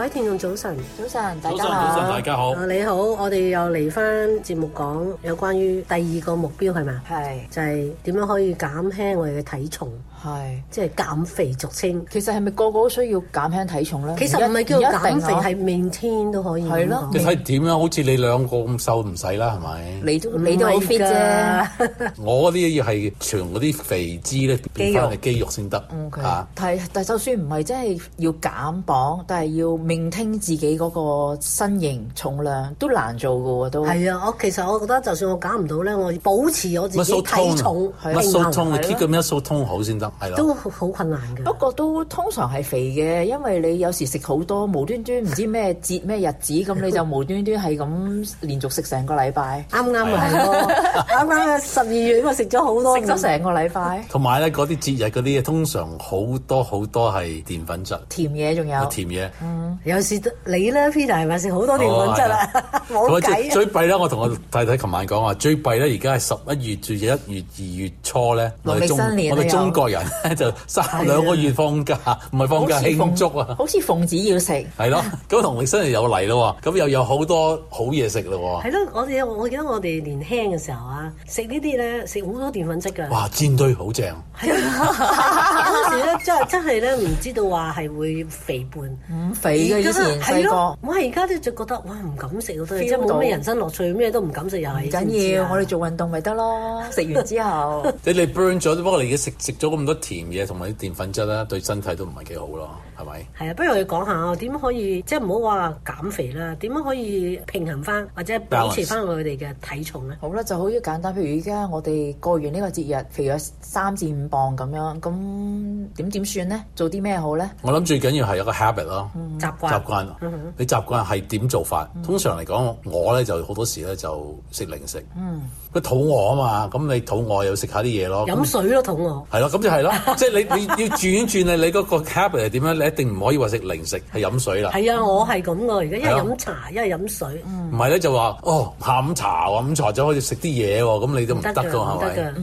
各位聽眾早晨，早晨，大家好，早晨，大家好。你好，我哋又嚟翻節目講有關於第二個目標係嘛？係，是就係點樣可以減輕我哋嘅體重。係，即係減肥俗稱。其實係咪個個都需要減輕體重咧？其實唔係叫減肥，係 maintain 都可以。係咯。你睇點樣？好似你兩個咁瘦唔使啦，係咪？你都你都好 fit 啫。我嗰啲嘢要係除嗰啲肥脂咧，變翻係肌肉先得。但係就算唔係真係要減磅，但係要 maintain 自己嗰個身形重量都難做噶喎都。係啊，我其實我覺得，就算我減唔到咧，我保持我自己體重係啊，keep 咁一 keep 咁一 keep 咁好先得。都好困難嘅，不過都通常係肥嘅，因為你有時食好多無端端唔知咩節咩日子，咁你就無端端係咁連續食成個禮拜。啱啱係，啱啱啊，十二月我食咗好多，食咗成個禮拜。同埋咧，嗰啲節日嗰啲嘢通常好多好多係澱粉質，甜嘢仲有。甜嘢，有時你咧，Peter 係咪食好多澱粉質啊？最弊咧，我同我太太琴晚講話，最弊咧，而家係十一月至一月二月初咧，我哋中我哋中國人。就三兩個月放假，唔係放假慶祝啊！好似奉旨要食，係咯。咁農曆新年又嚟咯，咁又有好多好嘢食咯。係咯，我哋我記得我哋年輕嘅時候啊，食呢啲咧食好多澱粉質㗎。哇，煎堆好正，嗰陣時咧真係真係咧唔知道話係會肥胖，咁肥嘅以前細個。哇，而家都就覺得哇唔敢食咯，都係即係冇咩人生樂趣，咩都唔敢食又係。唔緊要，我哋做運動咪得咯，食完之後。你哋 burn 咗，不過你食食咗咁多。甜嘢同埋啲澱粉質啦，對身體都唔係幾好咯，係咪？係啊，不如我哋講下點可以，即係唔好話減肥啦。點樣可以平衡翻或者保持翻佢哋嘅體重咧？好啦，就好似簡單。譬如而家我哋過完呢個節日，肥咗三至五磅咁樣，咁點點算咧？做啲咩好咧？我諗最緊要係有一個 habit 咯、嗯，習慣，習慣、嗯、哼你習慣係點做法？嗯、哼通常嚟講，我咧就好多時咧就食零食。嗯，佢肚餓啊嘛，咁你肚餓又食下啲嘢咯。嗯、那飲水咯，肚餓。係咯，咁就係即係 你你要轉轉你嗰個 habit 係點樣？你一定唔可以話食零食，係、就是、飲水啦。係啊，我係咁噶，而家一係飲茶、啊、一係飲水。唔係咧，就話哦，下午茶，下午茶就可以食啲嘢喎。咁你都唔得㗎，係咪？吧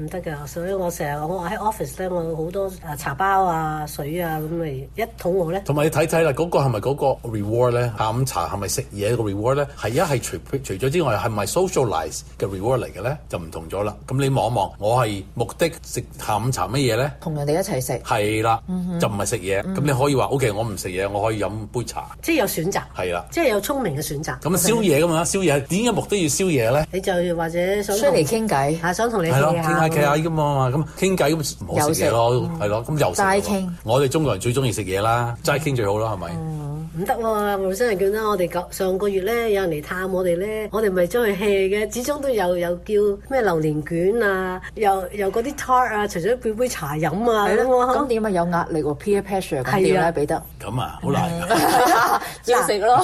唔得㗎，所以我成日我喺 office 咧，我好多茶包啊水啊咁咪一肚餓咧。同埋你睇睇啦，嗰、嗰個係咪嗰個 reward 咧？下午茶係咪食嘢嘅 reward 咧？係一係除除咗之外，係咪 socialize 嘅 reward 嚟嘅咧？就唔同咗啦。咁你望一望，我係目的食下午茶乜嘢咧？同人哋一齊食。係啦了，mm hmm。就唔係食嘢。咁、mm hmm。你可以話 OK，我唔食嘢，我可以飲杯茶。即係有選擇。係啦了。即係有聰明嘅選擇。咁啊，宵夜㗎嘛，宵 夜點解目的要宵夜咧？你就或者想嚟傾偈想同和天、啊、你傾下嘅，嘛嘛，咁傾偈，咁唔好食嘢咯，係咯，咁又食。聊我哋中國人最中意食嘢啦，齋傾最好啦，係咪？嗯唔得喎，無心人卷啦！我哋上個月咧，有人嚟探我哋咧，我哋咪將去吃嘅，始終都有有叫咩榴槤卷啊，又又嗰啲 tart 啊，除咗配杯茶飲啊，咁啊，點啊有壓力喎？Peer pressure 咁樣啦，彼得。咁啊，好難。要食咯，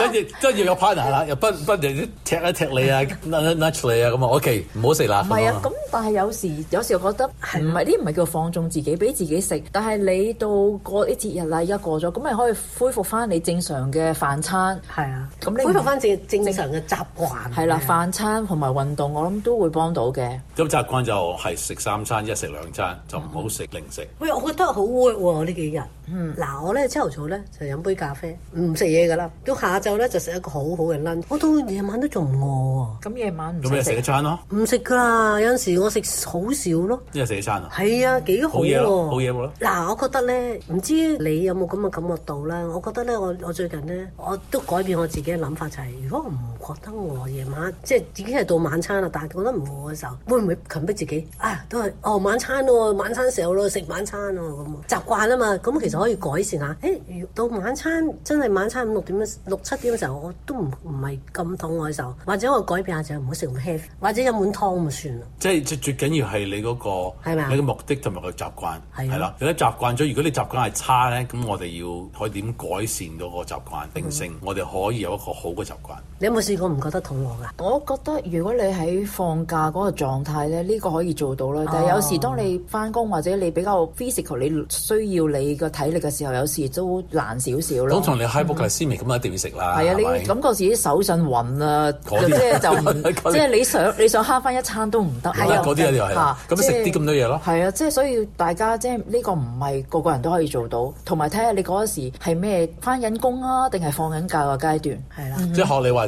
跟住都要有 partner 啦，又不不停踢一踢你啊，nudge 你啊，咁啊，OK，唔好食啦。唔係啊，咁但係有時有時我覺得係唔係呢？唔係叫放縱自己俾自己食，但係你到過啲節日啦，而家過咗，咁咪可以恢復翻。你正常嘅飯餐係啊，咁你恢復翻正正常嘅習慣係啦，飯餐同埋運動，我諗都會幫到嘅。咁習慣就係食三餐，一食兩餐就唔好食零食。喂，我覺得好喎呢幾日。嗯，嗱，我咧朝頭早咧就飲杯咖啡，唔食嘢㗎啦。咁下晝咧就食一個好好嘅 lunch，我到夜晚都仲唔餓喎。咁夜晚唔食咩？一餐咯。唔食㗎喇，有時我食好少咯。一日食一餐啊？係啊，幾好喎！好嘢喎！嗱，我覺得咧，唔知你有冇咁嘅感覺到咧？我覺得。我我最近咧，我都改變我自己嘅諗法，就係、是、如果我唔覺得我夜晚即係、就是、已經係到晚餐啦，但係覺得唔餓嘅時候，會唔會強迫自己啊、哎？都係哦，晚餐咯，晚餐時候咯，食晚餐咯，咁啊習慣啊嘛，咁其實可以改善下。誒、欸，到晚餐真係晚餐五六點六七點嘅時候我都唔唔係咁肚餓嘅時候，或者我改變下就唔好食咁 heavy，或者飲碗湯就算啦。即係最最緊要係你嗰、那個，吧你嘅目的同埋個習慣係、啊、啦。如果你習慣咗，如果你習慣係差咧，咁我哋要可以點改？善到個習慣定性，我哋可以有一個好嘅習慣。你有冇試過唔覺得肚餓㗎？我覺得如果你喺放假嗰個狀態咧，呢個可以做到啦。但係有時當你翻工或者你比較 physical，你需要你個體力嘅時候，有時都難少少咯。當從你 hypoglycemic 咁一定要食啦。係啊，你感覺自己手震暈啊，即係就即係你想你想慳翻一餐都唔得。係啊，嗰啲啊又係。嚇，咁食啲咁多嘢咯。係啊，即係所以大家即係呢個唔係個個人都可以做到，同埋睇下你嗰時係咩翻緊工啊，定係放緊假個階段係啦。即係學你話。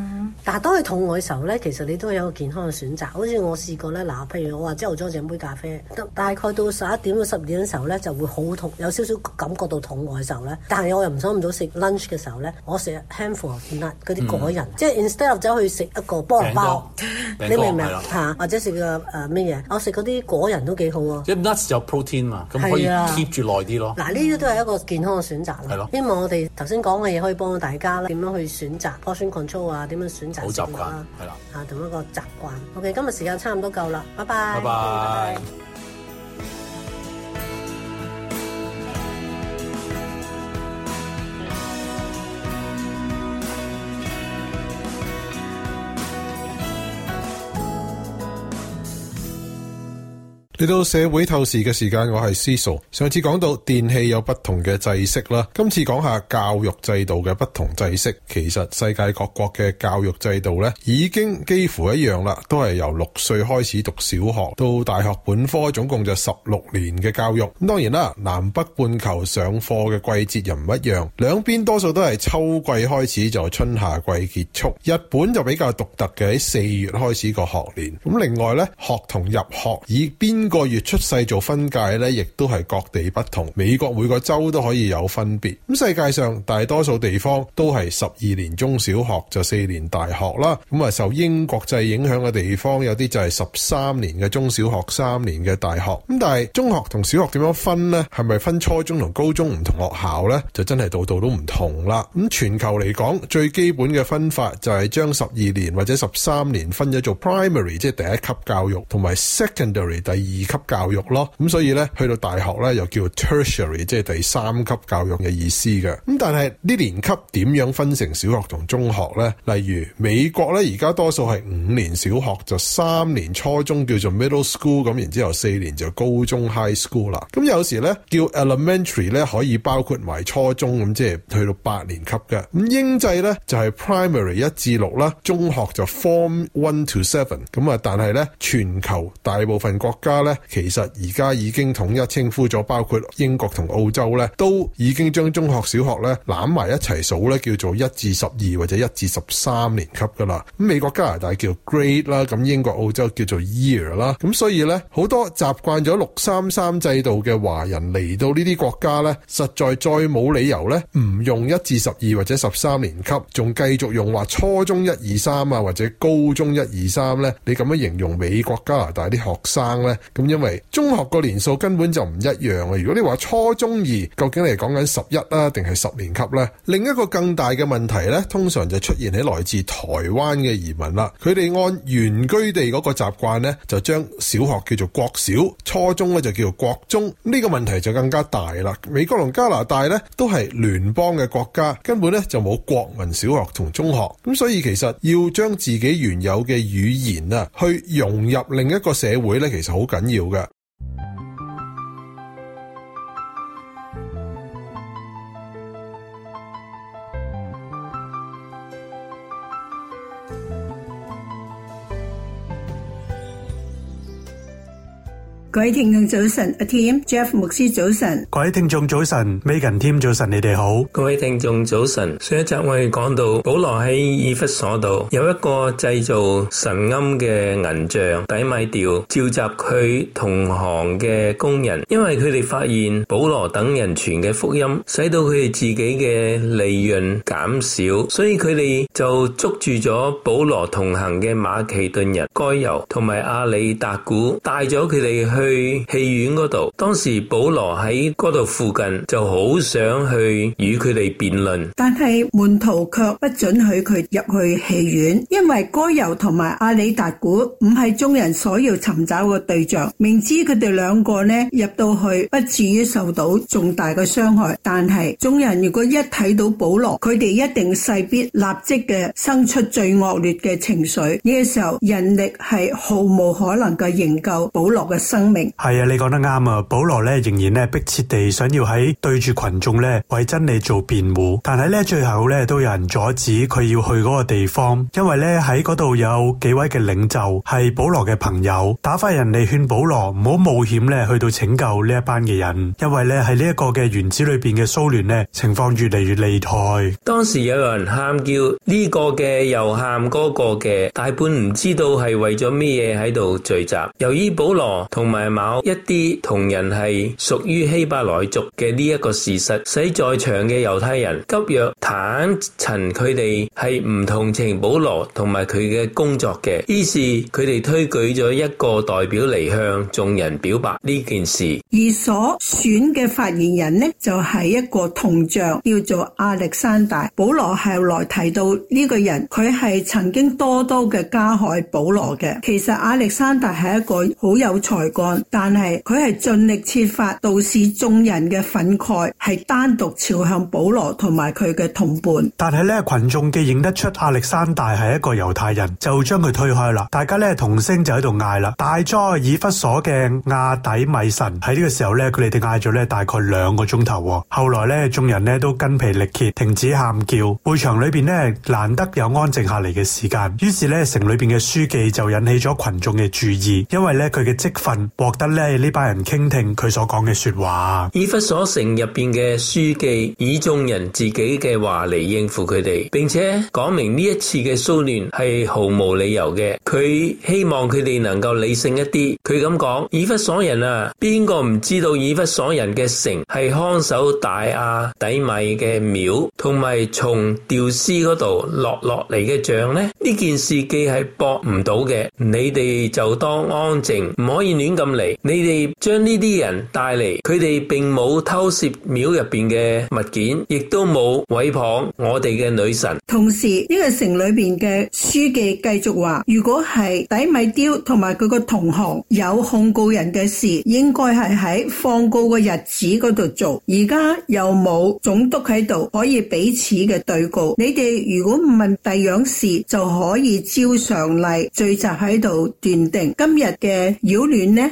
但係當佢肚餓嘅時候咧，其實你都有一個健康嘅選擇。好似我試過咧，嗱，譬如我話朝頭早整杯咖啡，大概到十一點到十二點嘅時候咧，就會好痛，有少少感覺到肚餓嘅時候咧。但係我又唔想咁早食 lunch 嘅時候咧，我食 handful nut 嗰啲果仁，嗯、即係 instead 走去食一個菠蘿包，哥你明唔明？了或者食個誒咩嘢？我食嗰啲果仁都幾好喎。係 nuts 有 protein 嘛，咁可以了 keep 住耐啲咯。嗱，呢啲都係一個健康嘅選擇咯。係咯了。希望我哋頭先講嘅嘢可以幫到大家咧，點樣去選擇 portion control 啊，點樣選。好習慣，係啦嚇，同一個習慣。的 OK，今日時間差唔多夠啦，拜拜。拜拜。嚟到社會透視嘅時間，我係 Cecil。上次講到電器有不同嘅制式啦，今次講下教育制度嘅不同制式。其實世界各國嘅教育制度咧，已經幾乎一樣啦，都係由六歲開始讀小學，到大學本科，總共就十六年嘅教育。咁當然啦，南北半球上課嘅季節又唔一樣，兩邊多數都係秋季開始，就春夏季結束。日本就比較獨特嘅，喺四月開始個學年。咁另外咧，學同入學以邊？個月出世做分界咧，亦都係各地不同。美國每個州都可以有分別。咁世界上大多數地方都係十二年中小學就四年大學啦。咁啊受英國制影響嘅地方，有啲就係十三年嘅中小學，三年嘅大學。咁但係中學同小學點樣分呢？係咪分初中同高中唔同學校呢？就真係度度都唔同啦。咁全球嚟講最基本嘅分法就係將十二年或者十三年分咗做 primary 即係第一級教育，同埋 secondary 第二。二級教育咯，咁所以咧去到大學咧又叫做 tertiary，即係第三級教育嘅意思嘅。咁但係呢，年級點樣分成小學同中學咧？例如美國咧，而家多數係五年小學，就三年初中叫做 middle school，咁然之後四年就高中 high school 啦。咁、嗯、有時咧叫 elementary 咧可以包括埋初中咁，即係去到八年級嘅。咁英制咧就係、是、primary 一至六啦，6, 中學就 form one to seven。咁啊，但係咧全球大部分國家咧。其實而家已經統一稱呼咗，包括英國同澳洲咧，都已經將中學小學咧攬埋一齊數咧，叫做一至十二或者一至十三年級噶啦。咁美國加拿大叫 grade 啦，咁英國澳洲叫做 year 啦、啊。咁所以咧，好多習慣咗六三三制度嘅華人嚟到呢啲國家咧，實在再冇理由咧唔用一至十二或者十三年級，仲繼續用話初中一二三啊，或者高中一二三咧，你咁樣形容美國加拿大啲學生咧？咁因為中學個年數根本就唔一樣啊！如果你話初中二，究竟你講緊十一啦，定係十年級咧？另一個更大嘅問題咧，通常就出現喺來自台灣嘅移民啦。佢哋按原居地嗰個習慣咧，就將小學叫做國小，初中咧就叫做國中。呢個問題就更加大啦。美國同加拿大咧都係聯邦嘅國家，根本咧就冇國民小學同中學。咁所以其實要將自己原有嘅語言啊，去融入另一個社會咧，其實好緊。緊要㗎。各位聽眾早晨，阿 Tim、Jeff、牧師早晨。各位聽眾早晨，Megan Tim 早晨，你哋好。各位聽眾早晨。上一集我哋講到，保羅喺以弗所度有一個製造神龕嘅銀匠，底米丟，召集佢同行嘅工人，因為佢哋發現保羅等人傳嘅福音，使到佢哋自己嘅利潤減少，所以佢哋就捉住咗保羅同行嘅馬其頓人該猶同埋阿里達古，帶咗佢哋去。去戲院嗰度，當時保羅喺嗰度附近，就好想去與佢哋辯論，但係門徒卻不准許佢入去戲院，因為哥猶同埋阿里達古唔係眾人所要尋找嘅對象。明知佢哋兩個呢入到去，不至於受到重大嘅傷害，但係眾人如果一睇到保羅，佢哋一定勢必立即嘅生出最惡劣嘅情緒。呢個時候人力係毫無可能嘅營救保羅嘅生。係啊，你講得啱啊！保羅咧仍然咧迫切地想要喺對住群衆咧為真理做辯護，但係咧最後咧都有人阻止佢要去嗰個地方，因為咧喺嗰度有幾位嘅領袖係保羅嘅朋友，打發人嚟勸保羅唔好冒險咧去到拯救呢一班嘅人，因為咧喺呢一個嘅園子裏邊嘅蘇聯呢情況越嚟越厲害。當時有人喊叫呢個嘅又喊嗰個嘅，大半唔知道係為咗咩嘢喺度聚集。由於保羅同埋某一啲同人係屬於希伯來族嘅呢一個事實，使在場嘅猶太人急若坦陳佢哋係唔同情保羅同埋佢嘅工作嘅，於是佢哋推舉咗一個代表嚟，向眾人表白呢件事。而所選嘅發言人呢，就係一個銅匠叫做亞歷山大。保羅後來提到呢個人，佢係曾經多多嘅加害保羅嘅。其實亞歷山大係一個好有才幹，但係佢係盡力設法導使眾人嘅憤慨係單獨朝向保羅同埋佢嘅同伴。但係咧，群眾既認得出亞歷山大係一個猶太人，就將佢推開啦。大家咧同聲就喺度嗌啦：大哉以弗所嘅亞底米神！喺呢個時候咧，佢哋嗌咗咧大概兩個鐘頭。後來咧，眾人咧都筋疲力竭，停止喊叫，會場裏邊咧難得有安靜下嚟嘅時間。於是咧，城裏邊嘅書記就引起咗群眾嘅注意，因為咧佢嘅積憤。他的積分獲得咧呢班人傾聽佢所講嘅說話。以弗所城入邊嘅書記以眾人自己嘅話嚟應付佢哋，並且講明呢一次嘅騷亂係毫無理由嘅。佢希望佢哋能夠理性一啲。佢咁講：以弗所人啊，邊個唔知道以弗所人嘅城係看守大亞底米嘅廟，同埋從丟斯嗰度落落嚟嘅像呢？呢件事既係駁唔倒嘅，你哋就當安靜，唔可以亂咁。你哋將呢啲人帶嚟，佢哋並冇偷竊廟入邊嘅物件，亦都冇毀謗我哋嘅女神。同時呢個城裏邊嘅書記繼續話：如果係底米雕同埋佢個同行有控告人嘅事，應該係喺放告嘅日子嗰度做。而家又冇總督喺度，可以彼此嘅對告。你哋如果唔問第樣事，就可以照常例聚集喺度斷定今日嘅擾亂呢？